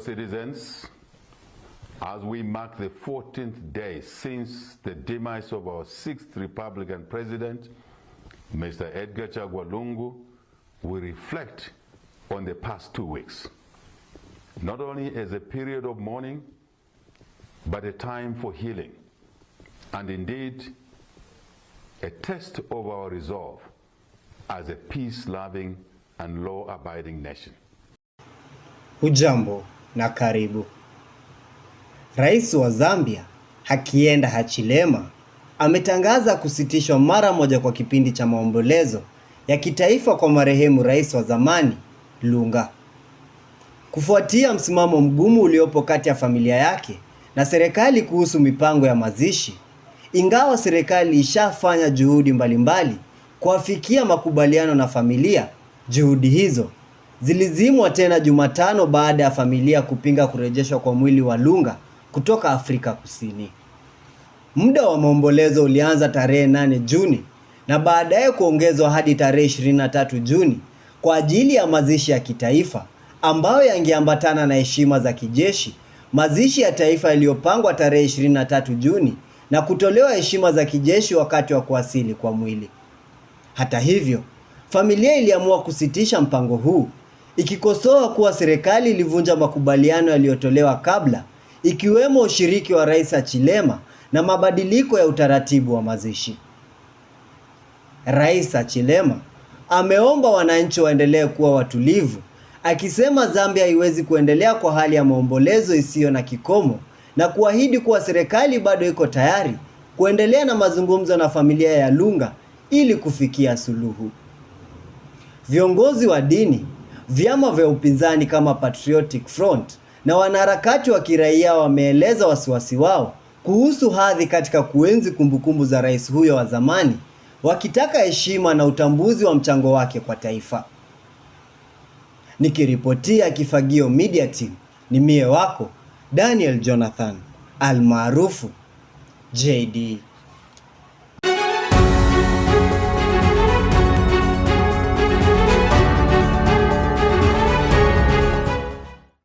citizens, as we mark the 14th day since the demise of our sixth Republican president, Mr. Edgar Chagwalungu, we reflect on the past two weeks, not only as a period of mourning, but a time for healing, and indeed a test of our resolve as a peace-loving and law-abiding nation. Hujambo na karibu. Rais wa Zambia Hakainde Hichilema ametangaza kusitishwa mara moja kwa kipindi cha maombolezo ya kitaifa kwa marehemu rais wa zamani Lunga kufuatia msimamo mgumu uliopo kati ya familia yake na serikali kuhusu mipango ya mazishi, ingawa serikali ishafanya juhudi mbalimbali kuafikia makubaliano na familia, juhudi hizo zilizimwa tena Jumatano baada ya familia kupinga kurejeshwa kwa mwili wa Lunga kutoka Afrika Kusini. Muda wa maombolezo ulianza tarehe 8 Juni na baadaye kuongezwa hadi tarehe 23 Juni kwa ajili ya mazishi ya kitaifa ambayo yangeambatana na heshima za kijeshi, mazishi ya taifa yaliyopangwa tarehe 23 Juni na kutolewa heshima za kijeshi wakati wa kuwasili kwa mwili. Hata hivyo, familia iliamua kusitisha mpango huu ikikosoa kuwa serikali ilivunja makubaliano yaliyotolewa kabla, ikiwemo ushiriki wa Rais Achilema na mabadiliko ya utaratibu wa mazishi. Rais Achilema ameomba wananchi waendelee kuwa watulivu, akisema Zambia haiwezi kuendelea kwa hali ya maombolezo isiyo na kikomo na kuahidi kuwa serikali bado iko tayari kuendelea na mazungumzo na familia ya Lunga ili kufikia suluhu. Viongozi wa dini vyama vya upinzani kama Patriotic Front na wanaharakati wa kiraia wameeleza wasiwasi wao kuhusu hadhi katika kuenzi kumbukumbu za rais huyo wa zamani, wakitaka heshima na utambuzi wa mchango wake kwa taifa. Nikiripotia Kifagio Media Team, ni mie wako Daniel Jonathan almaarufu JD.